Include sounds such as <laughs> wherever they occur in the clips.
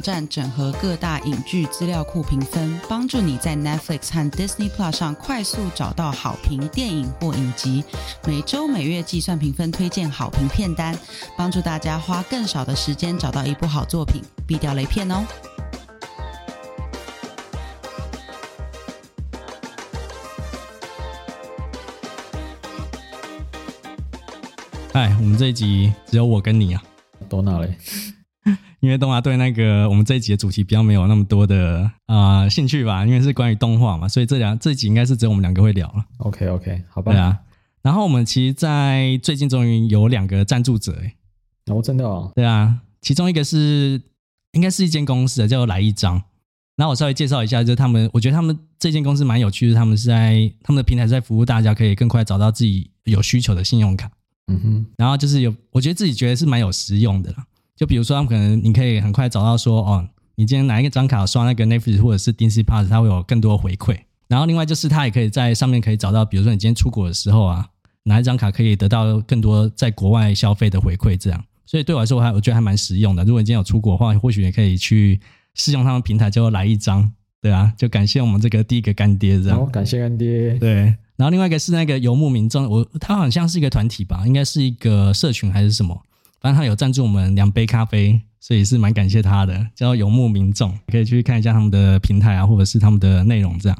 站整合各大影劇資料庫評分，幫助你在 Netflix 和 Disney Plus 上快速找到好評電影或影集。每周每月計算評分，推薦好評片單，幫助大家花更少的時間找到一部好作品，避掉雷片哦。哎，我們這一集只有我跟你啊，多拿嘞？因為動畫對那個，我們這一集的主題比較沒有那麼多的啊、呃、興趣吧，因為是關於動畫嘛，所以這兩這一集應該是只有我們兩個會聊了。OK OK，好吧。對啊，然後我們其實，在最近終於有兩個贊助者哎、欸，哦，真的哦，對啊，其中一個是應該是一間公司的、啊，叫來一張。然後我稍微介紹一下，就是他們，我覺得他們這間公司蠻有趣的，他們是在他們的平台在服務大家，可以更快找到自己有需求的信用卡。嗯哼，然後就是有我覺得自己覺得是蠻有實用的啦。就比如說，他們可能你可以很快找到說，哦，你今天哪一個張卡刷那個 Netflix 或者是 Disney Plus，它會有更多回饋。然後另外就是，它也可以在上面可以找到，比如說你今天出國的時候啊，哪一張卡可以得到更多在國外消費的回饋。這樣，所以對我來說，我還我覺得還蠻實用的。如果你今天有出國的話，或許也可以去試用他們平台，就來一張，對啊，就感謝我們這個第一個乾爹這樣。哦，感謝乾爹，對。然後另外一個是那個遊幕民眾，我他好像是一個團體吧，應該是一個社群還是什麼？反正他有贊助我們兩杯咖啡，所以也是蠻感謝他的。叫遊幕民眾，可以去看一下他們的平台啊，或者是他們的內容這樣。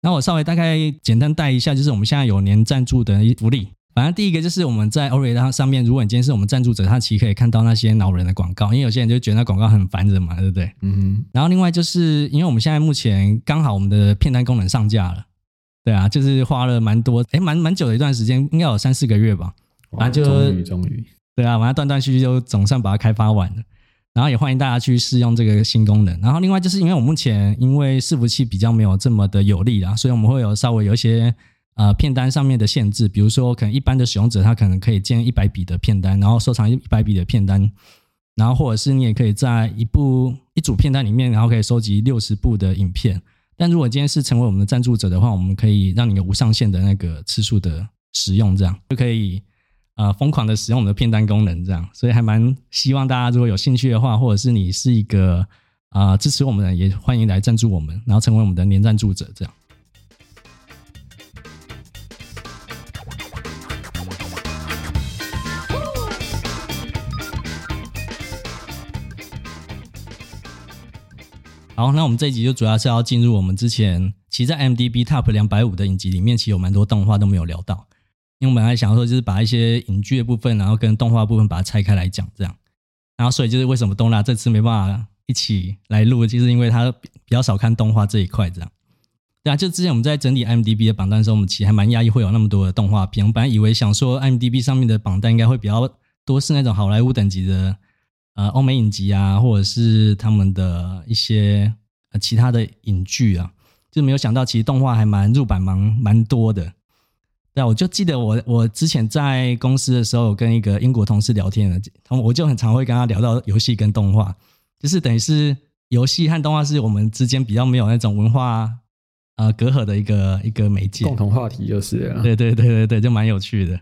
然後我稍微大概簡單帶一下，就是我們現在有年贊助的福利。反正第一個就是我們在 awwrated 上面，如果你今天是我們贊助者，他其實可以看到那些惱人的廣告，因為有些人就覺得那廣告很煩人嘛，對不對？嗯哼。然後另外就是因為我們現在目前剛好我們的片單功能上架了，對啊，就是花了蠻多哎、欸，蠻蠻久的一段時間，應該有三四個月吧。反正就終於終於。終於對啊，我們斷斷續續就總算把它開發完了，然後也歡迎大家去試用這個新功能。然後另外就是因為我目前因為伺服器比較沒有這麼的有利啦，所以我們會有稍微有一些呃片單上面的限制，比如說可能一般的使用者他可能可以建一百筆的片單，然後收藏一百筆的片單，然後或者是你也可以在一部一組片單裡面，然後可以收集六十部的影片。但如果今天是成為我們的贊助者的話，我們可以讓你有無上限的那個次數的使用，這樣就可以。啊，呃，瘋狂的使用我們的片單功能，這樣，所以還蠻希望大家如果有興趣的話，或者是你是一個啊，呃，支持我們的人，也歡迎來贊助我們，然後成為我們的年贊助者，這樣。好，那我們這一集就主要是要進入我們之前，其實在 M D B Top 兩百五的影集裡面，其實有蠻多動畫都沒有聊到。因為我們本來想說，就是把一些影劇的部分，然後跟動畫部分把它拆開來講，這樣。然後所以就是為什麼多拿這次沒辦法一起來錄，就是因為他比較少看動畫這一塊，這樣。對啊，就之前我們在整理 IMDb 的榜單的時候，我們其實還蠻訝異會有那麼多的動畫片。我們本來以為想說 IMDb 上面的榜單應該會比較多是那種好萊塢等級的，呃，歐美影集啊，或者是他們的一些、呃、其他的影劇啊，就沒有想到其實動畫還蠻入版蠻蠻多的。啊、我就記得我我之前在公司的時候，跟一個英國同事聊天了，同我就很常會跟他聊到遊戲跟動畫，就是等於是遊戲和動畫是我們之間比較沒有那種文化呃隔閡的一個一個媒介，共同話題就是，對對對對對，就蠻有趣的。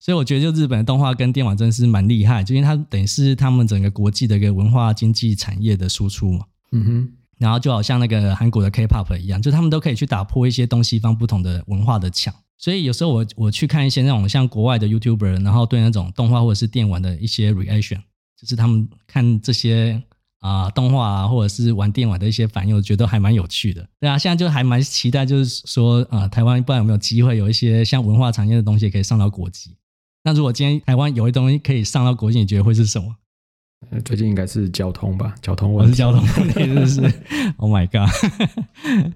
所以我覺得就日本的動畫跟電玩真的是蠻厲害，就因為它等於是他們整個國際的一個文化經濟產業的輸出嘛。嗯哼，然後就好像那個韓國的 K-pop 一樣，就他們都可以去打破一些東西方不同的文化的牆。所以有時候我我去看一些那種像國外的 YouTuber，然後對那種動畫或者是電玩的一些 reaction，就是他們看這些、呃、動畫啊動畫啊或者是玩電玩的一些反應，我覺得還蠻有趣的。對啊，現在就還蠻期待，就是說啊、呃，台灣不知道有沒有機會有一些像文化產業的東西可以上到國際。那如果今天台灣有一東西可以上到國際，你覺得會是什麼？最近應該是交通吧，交通我、啊、是交通，真的是，是 <laughs> Oh my God。 <laughs>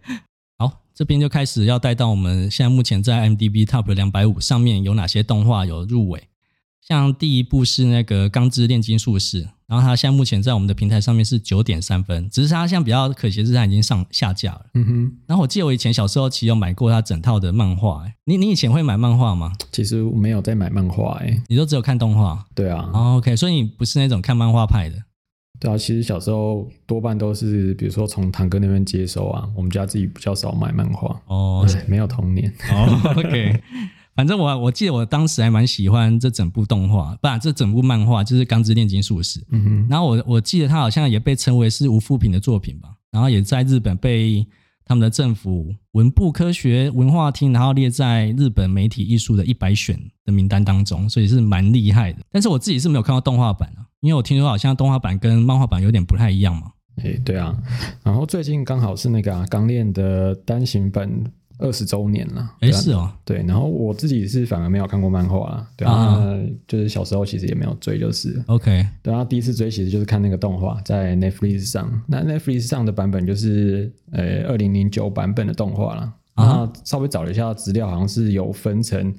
這邊就開始要帶到我們現在目前在 IMDb Top 兩百五上面有哪些動畫有入圍，像第一部是那個《鋼之煉金術士》，然後它現在目前在我們的平台上面是九點三分，只是它現在比較可惜的是它已經上下架了。嗯哼。然後我記得我以前小時候其實有買過它整套的漫畫，欸，你你以前會買漫畫嗎？其實我沒有在買漫畫，哎，你都只有看動畫。對啊。Oh, OK，所以你不是那種看漫畫派的。對啊，其實小時候多半都是，比如說從堂哥那邊接收啊。我們家自己比較少買漫畫哦，沒有童年。Oh, OK， <laughs> 反正我我記得我當時還蠻喜歡這整部動畫，不然這整部漫畫就是《鋼之鍊金術師》嗯哼。然後我我記得它好像也被稱為是無負評的作品吧，然後也在日本被他們的政府文部科學文化廳，然後列在日本媒體藝術的一百選的名單當中，所以是蠻厲害的。但是我自己是沒有看過動畫版啊。因為我聽說好像動畫版跟漫畫版有點不太一樣嘛。誒，對啊。然後最近剛好是那個、啊《鋼煉》的單行本二十周年了。哎、啊，是哦。對，然後我自己是反而沒有看過漫畫啊，對啊。啊。就是小時候其實也沒有追，就是。OK。然後、啊、第一次追其實就是看那個動畫，在 Netflix 上。那 Netflix 上的版本就是呃二零零九版本的動畫了。然後、啊、稍微找了一下資料，好像是有分成。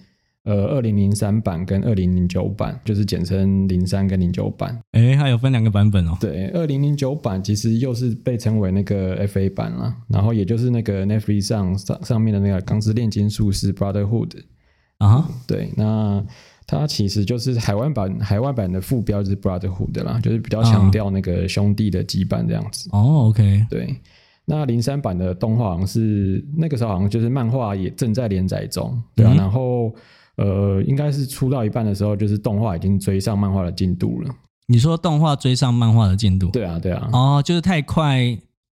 呃，二零零三版跟二零零九版，就是簡稱零三跟零九版。哎，它有分兩個版本哦。對，二零零九版其實又是被稱為那個 FA 版啦，然後也就是那個 Netflix 上上面的那個《鋼之鍊金術師 Brotherhood 啊哈。對，那它其實就是海外版，海外版的副標就是 Brotherhood 啦，就是比較強調那個兄弟的羈絆這樣子。啊、哦，OK。對，那零三版的動畫好像是那個時候好像就是漫畫也正在連載中，對啊，嗯、然後。呃，應該是出到一半的時候，就是動畫已經追上漫畫的進度了。你說動畫追上漫畫的進度？對啊，對啊。哦，就是太快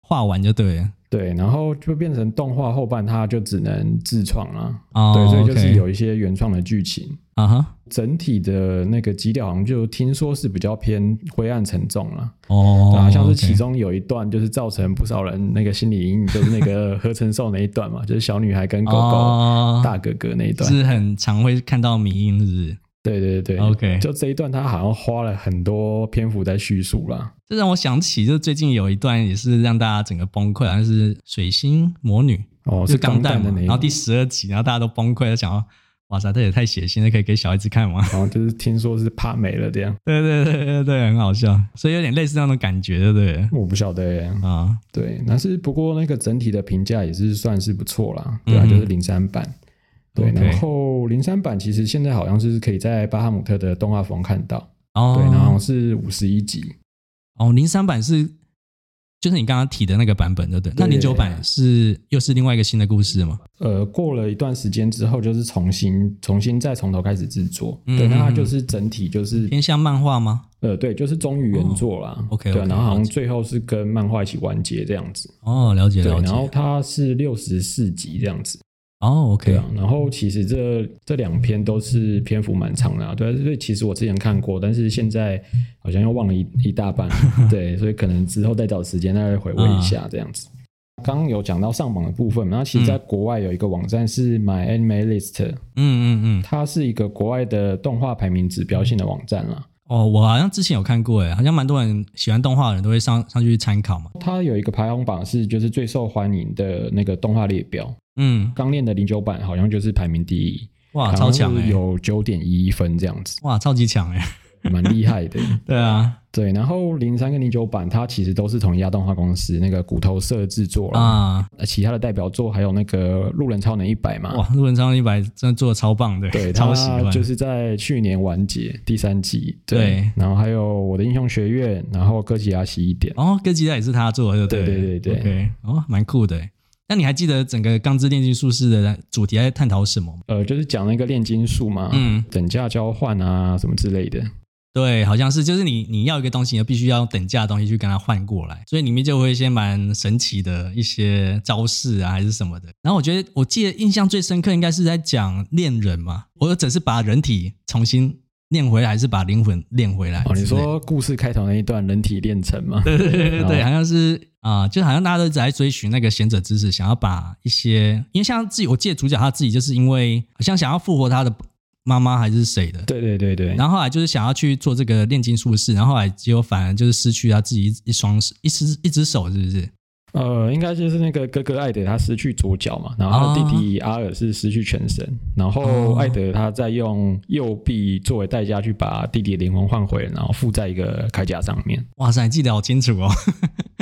畫完就對了。對，然後就變成動畫後半，它就只能自創了。Oh, 對，所以就是有一些原創的劇情。啊哈、okay. uh，huh. 整體的那個基調好像就聽說是比較偏灰暗沉重了。哦，好像是其中有一段就是造成不少人那個心理陰影，就是那個合成獸那一段嘛， <laughs> 就是小女孩跟狗狗、oh, 大哥哥那一段，是很常會看到迷因是不是？對對對，OK，就這一段他好像花了很多篇幅在敘述了，這讓我想起就是最近有一段也是讓大家整個崩潰，啊、像，就是水星魔女哦，是鋼彈嘛，然後第十二集，然後大家都崩潰，想要哇塞這也太血腥了，可以給小孩子看嗎？然後、哦、就是聽說是怕美了這樣， <laughs> 對對對對對，對，對，很好笑，所以有點類似那種感覺，對，對不對？我不曉得啊，啊對，但是不過那個整體的評價也是算是不錯啦。對吧、啊？嗯、哼就是零三版。對，然後零三版其實現在好像是可以在巴哈姆特的動畫瘋看到，對，然後是五十一集。哦，零三版是就是你剛剛提的那個版本的，對。那零九版是又是另外一個新的故事嗎？呃，過了一段時間之後，就是重新重新再從頭開始制作，對。那它就是整體就是偏向漫畫嗎？呃，對，就是忠於原作啦。OK，對，然後好像最後是跟漫畫一起完結這樣子。哦，了解，了解。然後它是六十四集這樣子。哦、oh，OK 啊，然後其實這這兩篇都是篇幅蠻長的，啊，對，啊，所以其實我之前看過，但是現在好像又忘了一一大半， <laughs> 對，所以可能之後再找時間再回味一下這樣子。Uh, 剛有講到上榜的部分，那其實在國外有一個網站是《MyAnimeList》，嗯、um, 嗯嗯，它是一個國外的動畫排名指標性的網站了。哦，我好像之前有看過，哎，好像蠻多人喜歡動畫的人都會上上去參考嘛。它有一個排行榜，是就是最受歡迎的那個動畫列表。嗯，鋼鍊的零九版好像就是排名第一，哇，超強、欸，有九點一分這樣子，哇，超級強、欸，哎，蠻厲害的。 <laughs> 對啊。對，然後零三跟零九版它其實都是同一家動畫公司，那個骨頭社製作了啊。其他的代表作還有那個《路人超能一百》嘛，哇，《路人超能一百》真的做的超棒的，對，對，超喜歡。就是在去年完結第三季，對。對，然後還有《我的英雄學院》，然後哥、哦《哥吉拉》系列，哦，《哥吉拉》也是他做的，對對對對。對，對、okay. 哦，蠻酷的。那你還記得整個《鋼之煉金術師》的主題在探討什麼嗎？呃，就是講那個煉金術嘛，嗯，等價交換啊，什麼之類的。對，好像是，就是你你要一個東西，你必須要用等價的東西去跟他換過來，所以裡面就會有一些蠻神奇的一些招式啊，還是什麼的。然後我覺得，我記得印象最深刻應該是在講練人嘛，或只是把人體重新練回來，還是把靈魂練回來。哦，你說故事開頭那一段，人體練成嗎？對對對對後對，好像是啊，呃，就好像大家都在追尋那個賢者之石，想要把一些，因為像自己，我記得主角他自己就是因為，好像想要復活他的。媽媽還是誰的？對對對對。然後後來就是想要去做這個煉金術士，然後後只有果反而就是失去他自己一,一雙手一隻一隻手是不是？呃，應該就是那個哥哥艾德他失去左腳嘛，然後弟弟阿爾是失去全身，哦、然後艾德他在用右臂作為代價去把弟弟的靈魂換回，然後附在一個鎧甲上面。哇塞，記得好清楚哦。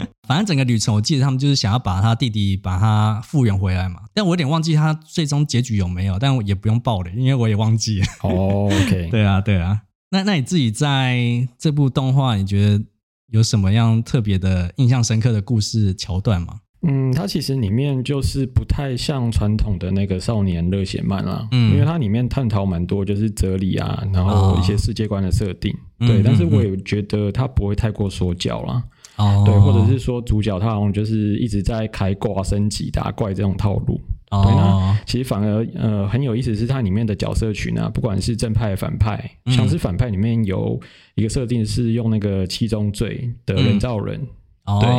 <laughs> 反正整個旅程，我記得他們就是想要把他弟弟把他復原回來嘛。但我有點忘記他最終結局有沒有，但我也不用爆雷，因為我也忘記了。哦、oh,，OK， <laughs> 對啊，對啊。那那你自己在這部動畫，你覺得有什麼樣特別的印象深刻的故事橋段嗎？嗯，它其實裡面就是不太像傳統的那個少年熱血漫啦，啊。嗯，因為它裡面探討蠻多就是哲理啊，然後一些世界觀的設定，哦、對。嗯嗯嗯，但是我也覺得它不會太過說教啦。哦，oh、對，或者是說主角他好像就是一直在開掛升級打怪這種套路。對那、oh、其實反而呃很有意思，是它裡面的角色群呢、啊，不管是正派還是反派，像是反派裡面有一個設定是用那個七宗罪的人造人。嗯 oh、對，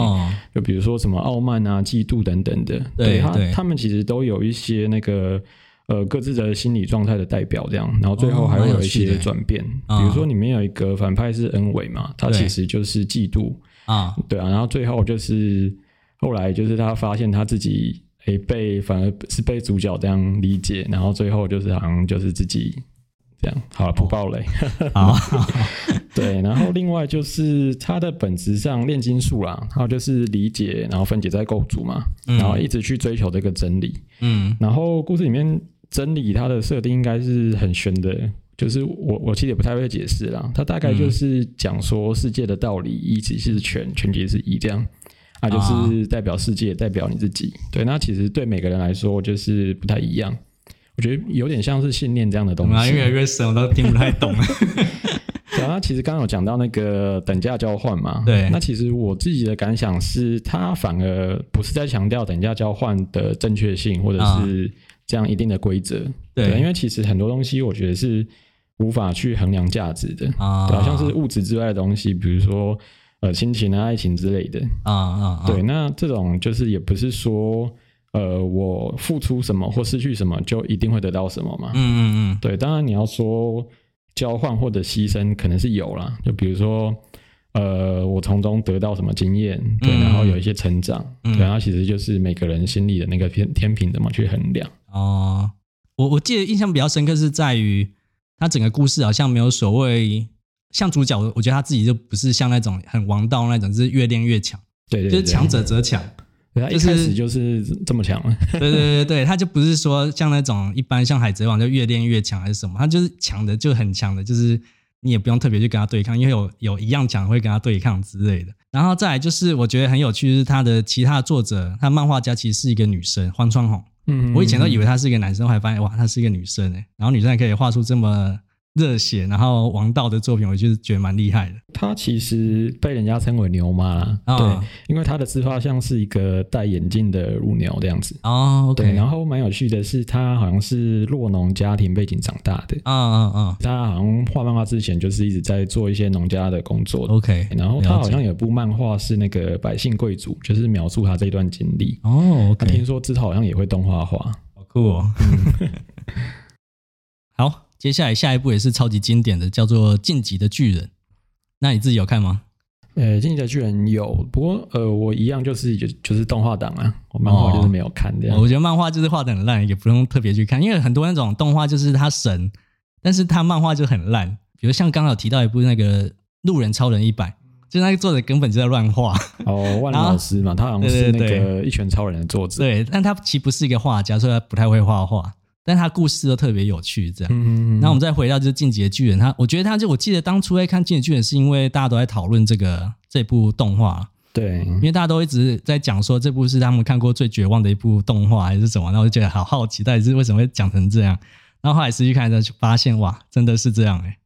就比如說什麼傲慢啊、嫉妒等等的，對，他他們其實都有一些那個呃各自的心理狀態的代表這樣，然後最後還會有一些轉變。比如說裡面有一個反派是恩維嘛，他其實就是嫉妒。啊，uh. 對啊，然後最後就是後來就是他發現他自己誒被反而是被主角這樣理解，然後最後就是好像就是自己這樣好了，不爆雷。好，對，然後另外就是他的本質上鍊金術啦，然後就是理解，然後分解再構組嘛，嗯，然後一直去追求這個真理。嗯，然後故事裡面真理它的設定應該是很玄的。就是我，我其實也不太會解釋啦。他大概就是講說世界的道理、嗯、一即是全，全即是一這樣啊，那就是代表世界，啊、代表你自己。對，那其實對每個人來說就是不太一樣。我覺得有點像是信念這樣的東西、嗯、啊，越來越深，我都聽不太懂。然後、 <laughs> <laughs> 啊、其實剛剛有講到那個等價交換嘛，對。那其實我自己的感想是，他反而不是在強調等價交換的正確性，或者是、啊。這樣一定的規則，對，對，因為其實很多東西，我覺得是無法去衡量價值的啊，啊，對啊，像是物質之外的東西，比如說呃親情啊、愛情之類的啊，啊啊，對，那這種就是也不是說呃我付出什麼或失去什麼就一定會得到什麼嘛，嗯嗯嗯，對，當然你要說交換或者犧牲，可能是有啦，就比如說呃我從中得到什麼經驗，對，嗯、然後有一些成長，對，嗯、然後其實就是每個人心裡的那個天天平怎麼去衡量。哦、呃，我我記得印象比較深刻是在於他整個故事好像沒有所謂，像主角，我覺得他自己就不是像那種很王道那種，就是越練越強。對，對對，就是強者則強，他一開始就是這麼強。 <laughs> 對對對對，他就不是說像那種一般像海賊王就越練越強還是什麼，他就是強的就很強的，就是你也不用特別去跟他對抗，因為有有一樣強會跟他對抗之類的。然後再來就是我覺得很有趣的是他的其他的作者，他漫畫家其實是一個女生，荒川弘。嗯，我以前都以為他是一個男生，後來發現哇，他是一個女生誒，然後女生還可以畫出這麼熱血，然後王道的作品，我就是覺得蠻厲害的。他其實被人家稱為牛媽，哦、對，因為他的自畫像是一個戴眼鏡的乳牛這樣子。哦，okay、對，然後蠻有趣的是，他好像是酪農家庭背景長大的。啊啊啊！哦哦、他好像畫漫畫之前就是一直在做一些農家的工作。OK，然後他好像有部漫畫是那個百姓貴族，就是描述他這一段經歷。哦，他、okay 啊、聽說自他好像也會動畫化，好酷哦。嗯、 <laughs> 好。接下來，下一部也是超級經典的，叫做《進擊的巨人》。那你自己有看嗎？呃、欸，《進擊的巨人》有，不過呃，我一樣就是、就是、就是動畫黨、啊、我漫畫就是沒有看的、哦。我覺得漫畫就是畫的很爛，也不用特別去看，因為很多那種動畫就是它神，但是它漫畫就很爛。比如像剛好提到一部那個《路人超人一百》，就那個作者根本就在亂畫。哦，萬里老師嘛，他好像是那個一拳超人的作者。對，但他其實不是一個畫家，所以他不太會畫畫。但是它故事都特別有趣，這樣。那、嗯嗯嗯、我們再回到就是《進擊的巨人》他，它我覺得他就我記得當初在看《進擊的巨人》是因為大家都在討論這個這部動畫，對、嗯，因為大家都一直在講說這部是他們看過最絕望的一部動畫還是什麼，然後我就覺得好好奇，到底是為什麼會講成這樣。然後後來實際看呢，就發現哇，真的是這樣哎、欸。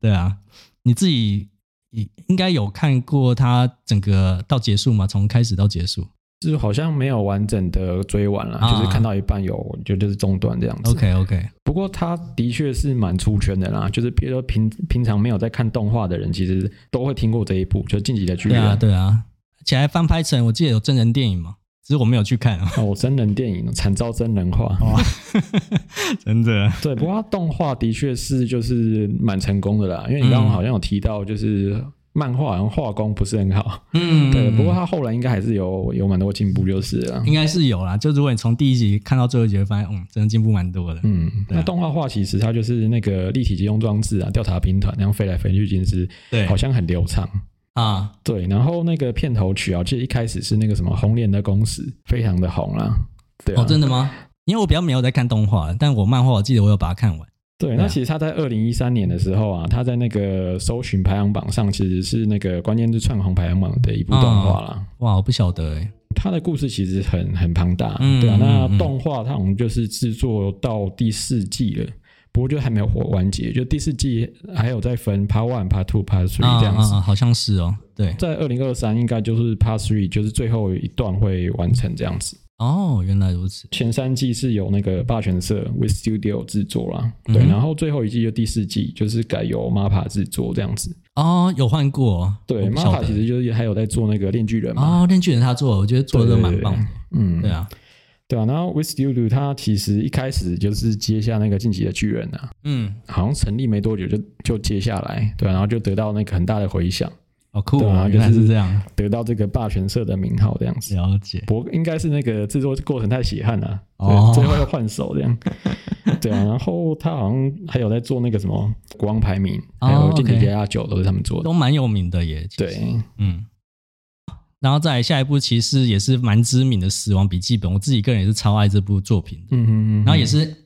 對啊，你自己應應該有看過它整個到結束嗎？從開始到結束。就是好像沒有完整的追完啦，啊、就是看到一半有、啊、就就是中斷這樣子。OK OK，不過它的確是蠻出圈的啦，就是比如說平平常沒有在看動畫的人，其實都會聽過這一部，就進擊的巨人。對啊對啊，而且還翻拍成我記得有真人電影嘛，只是我沒有去看。哦，真人電影慘遭真人化，哇 <laughs> 真的。對，不過他動畫的確是就是蠻成功的啦，因為你剛剛好像有提到就是。嗯漫畫好像畫工不是很好，嗯，嗯，嗯、對。不過他後來應該還是有有蠻多進步，就是了。應該是有啦，就如果你從第一集看到最後一集，會發現嗯，真的進步蠻多的。嗯，啊、那動畫畫其實它就是那個立體機動裝置啊，調查兵團那樣飛來飛去，就是對，好像很流暢啊。對，然後那個片頭曲啊，其實一開始是那個什麼紅蓮的公式，非常的紅啊。對啊哦，真的嗎？因為我比較沒有在看動畫，但我漫畫我記得我有把它看完。對，那其實他在二零一三年的時候啊，他在那個搜尋排行榜上，其實是那個關鍵字串紅排行榜的一部動畫啦。哦、哇，我不曉得，哎，他的故事其實很很龐大，嗯、對啊。那動畫它好像就是製作到第四季了，嗯嗯、不過就還沒有完結，就第四季還有在分 part one、part two、part three 這樣子、啊啊，好像是哦。對，在二零二三應該就是 part three，就是最後一段會完成這樣子。哦，原來如此。前三季是由那個霸權社 with studio 制作啦。嗯、對，然後最後一季就第四季就是改由 MAPPA 制作這樣子。哦，有換過、哦，對，MAPPA 其實就是還有在做那個鏈鋸人嘛。哦，鏈鋸人他做，我覺得做得蠻棒。嗯，對啊，對啊。然後 with studio 他其實一開始就是接下那個進擊的巨人啊，嗯，好像成立沒多久就就接下來，對、啊，然後就得到那個很大的回響。好酷、oh, cool, 啊！原來是這樣，得到這個霸權社的名號這樣子。了解。不，應該是那個製作過程太血汗了，oh, 對最後要換手這樣。 <laughs> 對啊，然後他好像還有在做那個什麼《國王排名》，oh, okay. 還有《進擊的亞九》，都是他們做的，都蠻有名的耶。對，嗯。然後再來下一部，其實也是蠻知名的《死亡筆記本》，我自己個人也是超愛這部作品的。嗯哼嗯嗯，然後也是。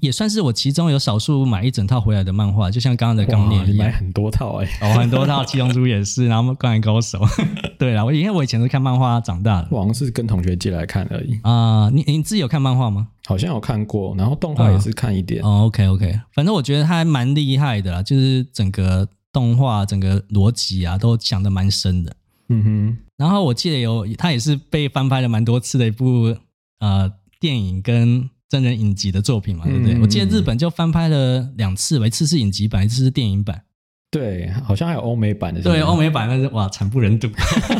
也算是我其中有少數買一整套回來的漫畫，就像剛剛的剛《鋼鍊》，你買很多套哎、欸，哦，oh, 很多套《七龍珠》也是，然後《灌籃高手》。 <laughs> 對了，我因為我以前是看漫畫長大的。我好像是跟同學借來看而已啊。Uh, 你你自己有看漫畫嗎？好像有看過，然後動畫也是看一點。Uh, OK OK，反正我覺得他還蠻厲害的啦，就是整個動畫整個邏輯啊都講的蠻深的。嗯哼，然後我記得有他也是被翻拍了蠻多次的一部呃電影跟真人影集的作品嘛，嗯嗯，對不對？我記得日本就翻拍了兩次，一次是影集版，一次是電影版。對，好像還有歐美版的。對，歐美版那是哇，慘不忍睹，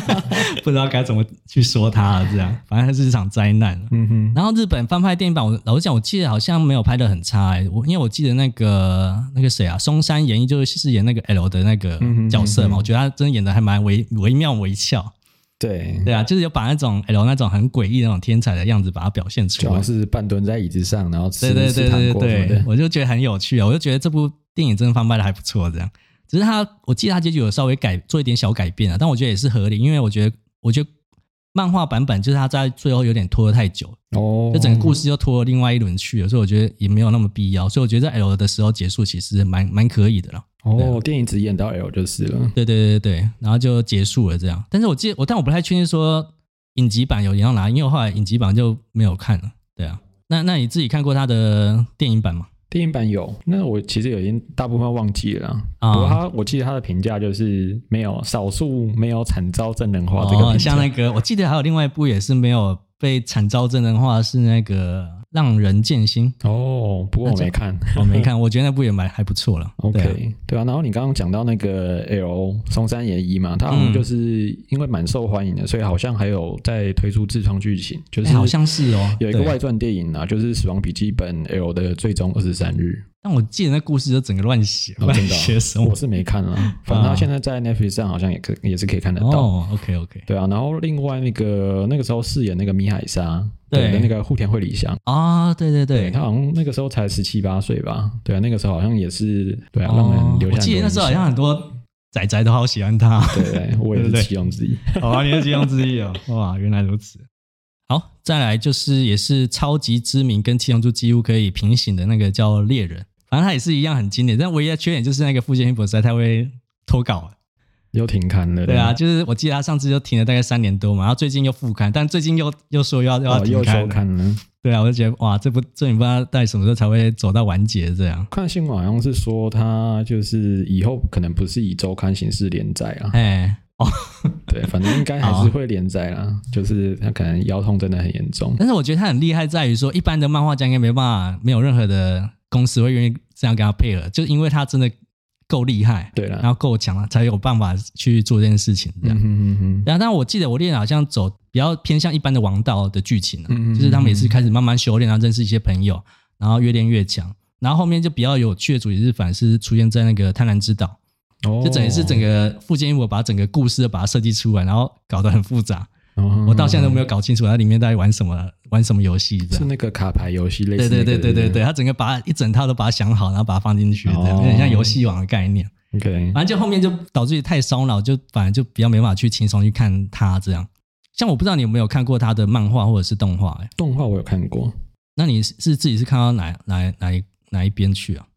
<laughs> 不知道該怎麼去說它。這樣，反正它是一場災難。嗯哼。然後日本翻拍電影版，我老實講，我記得好像沒有拍得很差，欸。我因為我記得那個那個誰啊，松山研一就是飾演那個 L 的那個角色嘛，嗯哼嗯哼，我覺得他真的演得還蠻惟惟妙惟肖。對對啊，就是有把那種 L 那種很詭異的那種天才的樣子把它表現出來，主要是半蹲在椅子上，然後吃吃糖果，對對，對，對，對，對，對對？是是我就覺得很有趣啊，我就覺得這部電影真的翻拍的還不錯，這樣。只是他，我記得他結局有稍微改做一點小改變啊，但我覺得也是合理，因為我覺得，我覺得漫畫版本就是他在最後有點拖了太久，哦，就整個故事又拖了另外一輪去了，所以我覺得也沒有那麼必要，所以我覺得在 L 的時候結束其實蠻蠻可以的了。哦，啊、電影只演到 L 就是了，對，對對對對，然後就結束了這樣。但是我記得，我但我不太確定說，影集版有演到哪，因為我後來影集版就沒有看了。對啊，那那你自己看過他的電影版嗎？電影版有，那我其實已經大部分忘記了。啊、哦，我他我記得他的評價就是沒有少數沒有慘遭真人化這個評價、哦、像那個我記得還有另外一部也是沒有被慘遭真人化是那個。讓人見心哦，不過我沒看，我沒看，好好我覺得那部也蠻還不錯了。OK，對啊,對啊。然後你剛剛講到那個 L 松山研一嘛，他就是因為蠻受歡迎的，所以好像還有在推出自創劇情，就是、啊欸、好像是哦，有一個外傳電影啊，就是《死亡筆記本》L 的最終二十三日。但我記得那故事就整個亂寫，亂寫到，麼、啊？ <laughs> 我是沒看了、啊，反正他現在在 Netflix 上好像也可以也是可以看得到。哦、OK OK，對啊。然後另外那個那個時候飾演那個米海沙。對，那個戶田惠梨香啊，對對對，他好像那個時候才十七八歲吧？對啊，那個時候好像也是對啊，讓人留下。我記得那時候好像很多宅宅都好喜歡他。對對，我也是其中之一。好啊，你是其中之一啊！哇，原來如此。好，再來就是也是超級知名，跟七龍珠幾乎可以平行的那個叫獵人，反正他也是一樣很經典。但唯一的缺點就是那個冨樫義博實在太會拖稿。又停刊了。對啊，就是我記得他上次就停了大概三年多嘛，然後最近又復刊，但最近又又說又要要又要停刊了。哦、又收刊了對啊，我就覺得哇，這部這本不知道在什麼時候才會走到完結這樣。看新聞好像是說他就是以後可能不是以週刊形式連載啊。哎哦，對，反正應該還是會連載啦，哦、就是他可能腰痛真的很嚴重。但是我覺得他很厲害，在於說一般的漫畫家應該沒辦法，沒有任何的公司會願意這樣跟他配合，就因為他真的。夠厲害，對了啦，然後夠強了，才有辦法去做這件事情。這樣，然後、嗯嗯啊，但我記得獵人好像走比較偏向一般的王道的劇情，啊、嗯哼嗯哼，就是他們也是開始慢慢修煉，然後認識一些朋友，然後越練越強，然後後面就比較有趣的主也是反而出現在那個貪婪之島，哦、就等於是整個副線，我把整個故事都把它設計出來，然後搞得很複雜。Oh, 我到現在都沒有搞清楚它裡面在玩什麼，玩什麼遊戲？是那個卡牌遊戲類似？對，對對對對對對，他整個把一整套都把它想好，然後把它放進去，oh, 有點像遊戲王的概念。OK，反正就後面就導致你太燒腦，就反正就比較沒辦法去輕鬆去看它這樣。像我不知道你有沒有看過他的漫畫或者是動畫、欸？哎，動畫我有看過。那你是自己是看到哪哪來哪，哪一邊去啊、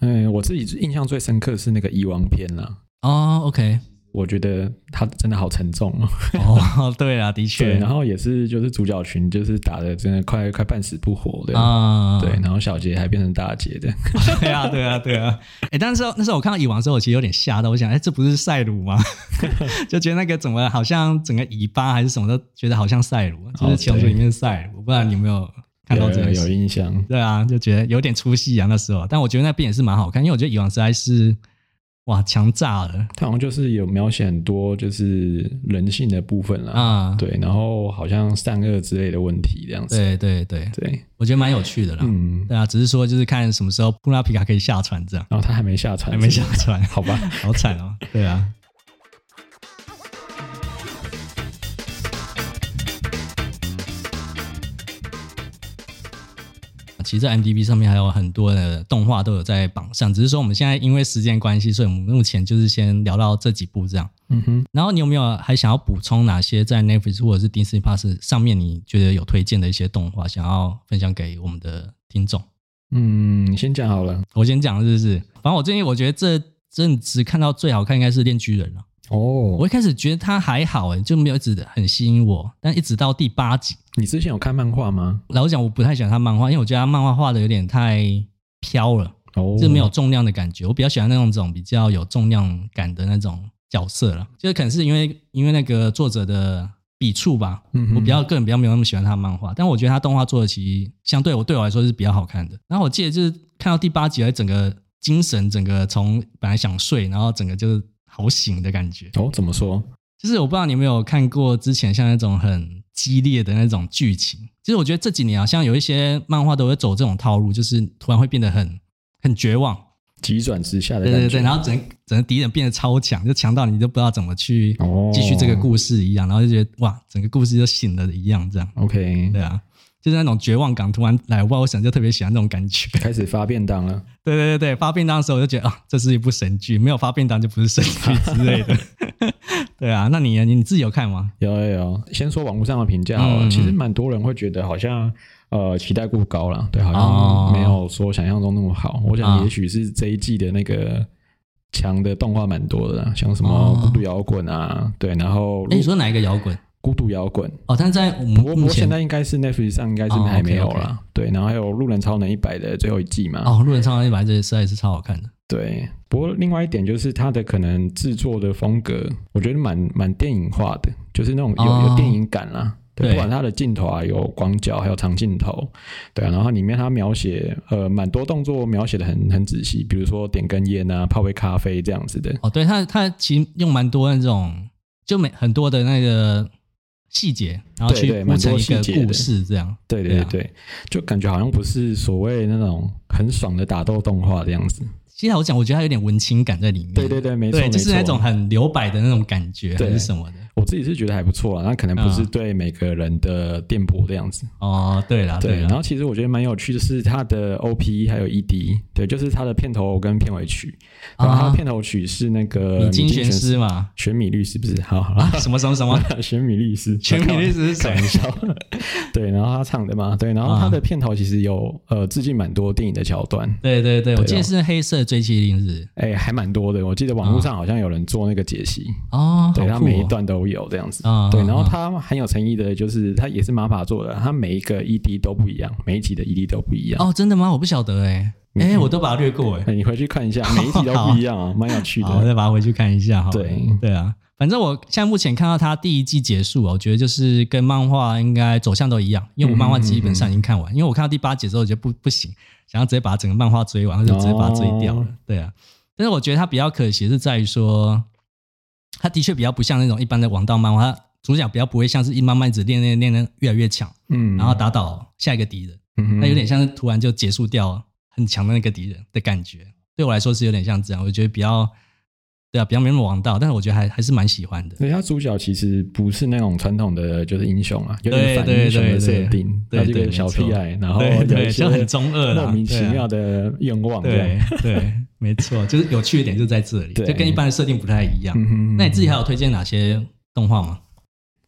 欸？我自己印象最深刻的是那個遺忘篇了。哦、oh，OK。我覺得他真的好沉重哦！對啊，的確。然後也是，就是主角群就是打得真的快快半死不活的啊！哦、對，然後小杰還變成大杰的。對啊，對啊，對啊！哎，但是那，那時候我看到蟻王之後，我其實有點嚇到。我想，哎，這不是賽魯嗎？ <laughs> 就覺得那個怎麼好像整個尾巴還是什麼的，都覺得好像賽魯，就是《七龍珠》裡面賽魯。哦、不然你有沒有看到這個？有印象。對啊，就覺得有點出戲啊。那時候，但我覺得那邊也是蠻好看，因為我覺得蟻王實在是。哇，強炸了！他好像就是有描寫很多就是人性的部分啦，啊，對，然後好像善惡之類的問題這樣子，對對對對，對我覺得蠻有趣的啦，嗯，對啊，只是說就是看什麼時候酷拉皮卡可以下船這樣，然後他還沒下船是不是？還沒下船，好吧，好慘哦，對啊。 <laughs> 其實，在 IMDb 上面還有很多的動畫都有在榜上，只是說我們現在因為時間關係，所以我們目前就是先聊到這幾部這樣。嗯哼，然後你有沒有還想要補充哪些在 Netflix 或者是 Disney Plus 上面你覺得有推薦的一些動畫，想要分享給我們的聽眾？嗯，你先講好了，我先講是不是？反正我最近我覺得這陣子看到最好看應該是《鏈鋸人》了。哦，oh, 我一開始覺得他還好、欸，誒，就沒有一直很吸引我，但一直到第八集，你之前有看漫畫嗎？老實講，我不太喜歡他漫畫，因為我覺得他漫畫畫的有點太飄了，哦，oh. 就沒有重量的感覺。我比較喜歡那種種比較有重量感的那種角色啦，就是可能是因為因為那個作者的筆觸吧。嗯，我比較個人比較沒有那麼喜歡他的漫畫，嗯、哼但我覺得他動畫做的其實相對我對我來說是比較好看的。然後我記得就是看到第八集，整個精神，整個從本來想睡，然後整個就是。好醒的感覺哦？怎麼說？就是我不知道你有沒有看過之前像那種很激烈的那種劇情。其實我覺得這幾年啊，像有一些漫畫都會走這種套路，就是突然會變得很很絕望，急轉直下的。對對對，然後整整個敵人變得超強，就強到你都不知道怎麼去繼續這個故事一樣，哦、然後就覺得哇，整個故事就醒了一樣這樣。OK，對啊。就是那種絕望感突然來，哇！我想就特別喜歡那種感覺。開始發便當了。對對對，發便當的時候我就覺得啊，這是一部神劇，沒有發便當就不是神劇之類的。 <laughs> <laughs> 對啊，那你你自己有看嗎？有有有。先說網絡上的評價好了，嗯、其實蠻多人會覺得好像呃期待過高了，對，好像沒有說想象中那麼好。哦、我想也許是這一季的那個強的動畫蠻多的啦，哦、像什麼搖滾啊，對，然後。哎，你說哪一個搖滾？孤獨搖滾哦，但在我們現目前現在應該是 Netflix 上應該是還沒有啦。哦、okay, okay 對，然後還有《路人超能一百》的最後一季嘛？哦，《路人超能一百》這些實在是超好看的。對，不過另外一點就是它的可能制作的風格，我覺得蠻蠻電影化的，就是那種有有電影感啦。哦、對，不管它的鏡頭啊，有廣角，還有長鏡頭，對啊，然後裡面它描寫呃，蠻多動作描寫得很很仔細，比如說點根煙啊，泡杯咖啡這樣子的。哦，對，它它其實用蠻多那種，就沒很多的那個。細節，然後去完成一個故事，這樣對對。對對對，對樣就感覺好像不是所謂那種很爽的打鬥動畫的樣子。其實我講，我覺得它有點文青感在裡面。對對對，沒錯，沒錯對，就是那種很留白的那種感覺，還是什麼的。對。我自己是覺得還不錯，那可能不是對每個人的電波這樣子哦。對了，對，然後其實我覺得蠻有趣的是它的 O P 還有 E D，對，就是它的片頭跟片尾曲。然後他的片頭曲是那個米津玄師嘛，玄米律師是不是？好，好什麼什麼什麼玄米律師？玄米律師是誰？對，然後他唱的嘛，對，然後他的片頭其實有呃致敬蠻多電影的橋段。對對對，我記得是黑色追緝令日，哎，還蠻多的。我記得網絡上好像有人做那個解析哦，對，他每一段都。有這樣子啊，對，然後他很有誠意的，就是他也是 MAPPA 做的，他每一個 ED 都不一樣，每一集的 ED 都不一樣。哦，真的嗎？我不曉得哎，我都把它略過哎，你回去看一下，每一集都不一樣啊，蠻有趣的。我再把它回去看一下好了。對對啊，反正我現在目前看到它第一季結束，我覺得就是跟漫畫應該走向都一樣，因為我漫畫基本上已經看完，因為我看到第八集之後，我覺得不不行，然後直接把整個漫畫追完，然後就直接把它追掉了。對啊，但是我覺得它比較可惜是在於說。他的確比較不像那種一般的王道漫畫，他主角比較不會像是一慢慢子練練練練越來越強，嗯，然後打倒下一個敵人，嗯、嗯，那有點像是突然就結束掉很強的那個敵人的感覺。對我來說是有點像這樣，我覺得比較，對啊，比較沒那麼王道，但是我覺得還還是蠻喜歡的。對他主角其實不是那種傳統的就是英雄啊，有點反英雄的設定，對對對對對，他是個小屁孩對對對，然後有一些莫名其妙的願望，對，對對。 <laughs> 沒錯，就是有趣的點就在這裡，就跟一般的設定不太一樣。那你自己還有推薦哪些動畫嗎？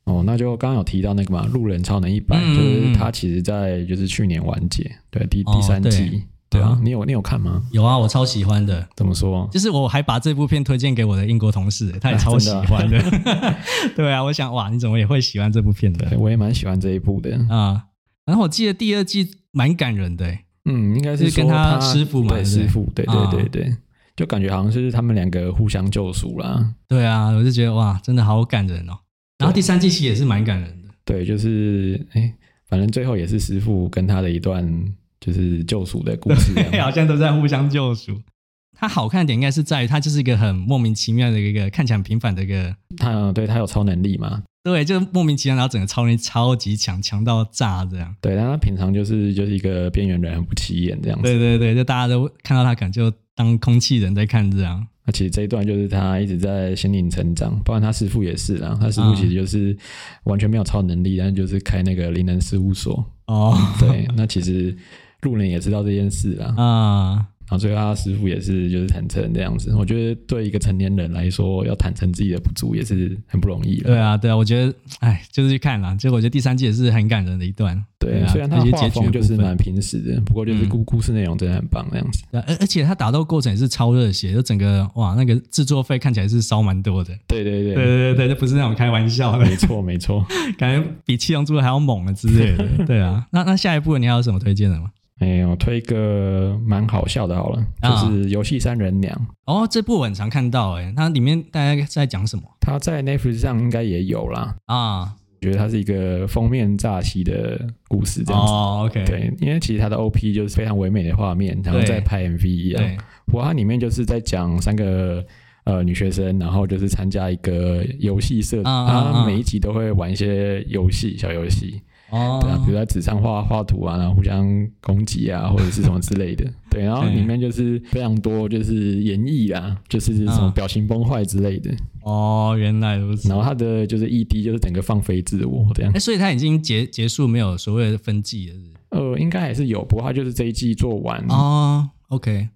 哦，那就剛剛有提到那個嘛，《路人超能一百》，就是它其實，在就是去年完結，對，第第三季，對啊，你有你有看嗎？有啊，我超喜歡的。怎麼說？就是我還把這部片推薦給我的英國同事，他也超喜歡的。對啊，我想哇，你怎麼也會喜歡這部片的？我也蠻喜歡這一部的。啊，然後我記得第二季蠻感人的。嗯，應該是，是跟他師傅嘛，師傅，對對對對，啊、就感覺好像是他們兩個互相救贖啦。對啊，我就覺得哇，真的好感人哦。然後第三季其實也是蠻感人的對，對，就是哎、欸，反正最後也是師傅跟他的一段就是救贖的故事對，好像都在互相救贖。他好看的點應該是在於他就是一個很莫名其妙的一個看起來很平凡的一個，他對他有超能力嘛。對，就莫名其妙，然後整個超能力超級強，強到炸這樣。對，但他平常就是就是一個邊緣人，很不起眼這樣子。對對對，就大家都看到他，可能就當空氣人在看這樣。那其實這一段就是他一直在心靈成長，包括他師傅也是啊。他師傅其實就是完全沒有超能力，嗯、但是就是開那個靈能事務所哦。對，那其實路人也知道這件事了啊。嗯然後最後他師傅也是就是坦誠這樣子，我覺得對一個成年人來說，要坦誠自己的不足也是很不容易。對啊，對啊，我覺得，哎，就是去看了，結果我覺得第三季也是很感人的一段。對啊，雖然些結局的就是蠻平實的，不過就是故故事內容真的很棒那樣子。而、嗯啊、而且他打鬥過程也是超熱血，就整個哇那個制作費看起來是燒蠻多的。對對對對對對，就不是那種開玩笑的。啊、沒錯沒錯，感覺比七龍珠還要猛了之類的。對啊，那那下一部你還有什麼推薦的嗎？沒有推一個蠻好笑的，好了，啊、就是遊戲三人娘。哦，這部我很常看到誒，它裡面大概在講什麼？它在 Netflix 上應該也有啦啊，覺得它是一個封面詐欺的故事這樣子，哦、OK，對，因為其實它的 OP 就是非常唯美的畫面，然後在拍 MV 一樣。我它裡面就是在講三個呃女學生，然後就是參加一個遊戲社，啊，然後每一集都會玩一些遊戲小遊戲。哦、對啊，比如在紙上畫畫圖啊，然後互相攻擊啊，或者是什麼之類的。對，然後裡面就是非常多，就是演繹啊，嗯、就是什麼表情崩壞之類的。哦，原來如此。然後他的就是 ED，就是整個放飛自我這樣。誒，所以他已經結結束沒有所謂的分季了是不是？呃，應該還是有，不過它就是這一季做完。哦，OK。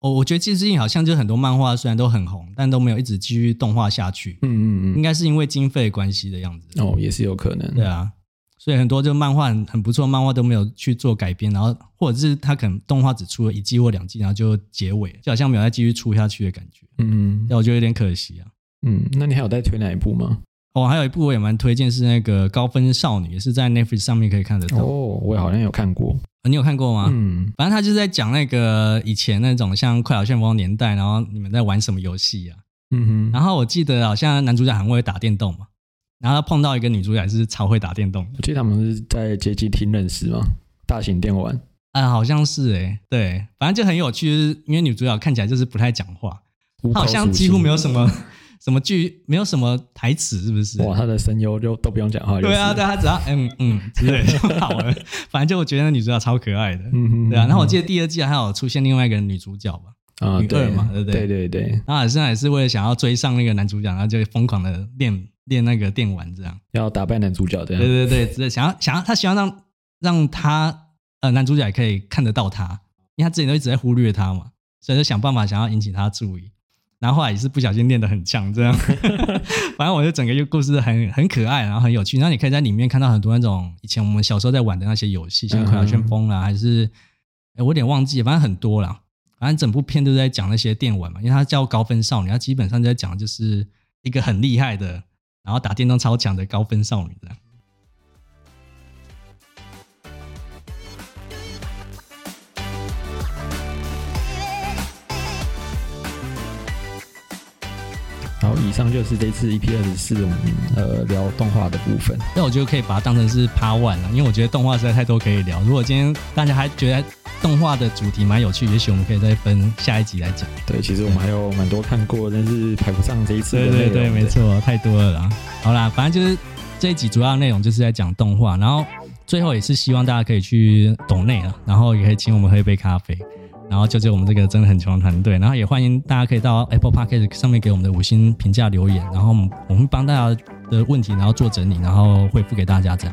哦，我覺得近最近好像就是很多漫畫雖然都很紅，但都沒有一直繼續動畫下去。嗯嗯嗯，應該是因為經費關係的樣子。哦，也是有可能。對啊。對很多就漫畫很,很不錯，漫畫都沒有去做改編，然後或者是他可能動畫只出了一季或兩季，然後就結尾，就好像沒有再繼續出下去的感覺。嗯，那我覺得有點可惜啊。嗯，那你還有在推哪一部嗎？哦，還有一部我也蠻推薦是那個高分少女，也是在 Netflix 上面可以看得到。哦，我也好像有看過。啊，你有看過嗎？嗯，反正他就是在講那個以前那種像《快打旋風》年代，然後你們在玩什麼遊戲啊？嗯哼，然後我記得好像男主角還會打電動嘛。然後碰到一個女主角是超會打電動，我記得他們是在街機廳認識嗎？大型電玩，啊、呃，好像是哎、欸，對，反正就很有趣，就是，因為女主角看起來就是不太講話，好像幾乎沒有什麼什麼劇，沒有什麼台詞，是不是？哇，她的聲優就都不用講話。對啊，對，她只要，欸、嗯嗯之類就好了。 <laughs> 反正就我覺得那女主角超可愛的，嗯對啊。然後我記得第二季還有出現另外一個女主角吧，啊、女二嘛，對，對不對？對對對，對，然後好像也是為了想要追上那個男主角，然後就瘋狂的練。練那個電玩這樣，要打敗男主角這樣。對對對，想要想要他希望讓讓他呃男主角也可以看得到他，因為他之前一直在忽略他嘛，所以就想辦法想要引起他注意。然後後來也是不小心練得很強這樣。 <laughs> 反正我就整個一個故事很很可愛，然後很有趣。然後你可以在裡面看到很多那種以前我們小時候在玩的那些遊戲，像《快打旋風》啦，嗯、還是、欸、我有點忘記，反正很多啦。反正整部片都在講那些電玩嘛，因為他叫高分少女，他基本上在講就是一個很厲害的。然後打電動超強的高分少女的、啊。好，以上就是這次 EP 二十、嗯、四我們呃聊動畫的部分。那我覺得可以把它當成是 Part One 了、啊，因為我覺得動畫實在太多可以聊。如果今天大家還覺得，動畫的主題蠻有趣，也許我們可以再分下一集來講。對，對其實我們還有蠻多看過，但對是排不上這一次。對，對對對，沒錯，太多了啦。 <laughs> 好啦，反正就是這一集主要的內容就是在講動畫，然後最後也是希望大家可以去抖內啊，然後也可以請我們喝一杯咖啡，然後就就我們這個真的很窮團隊，然後也歡迎大家可以到 Apple Podcast 上面給我們的五星評價留言，然後我們，我們幫大家的問題然後做整理，然後回復給大家這樣。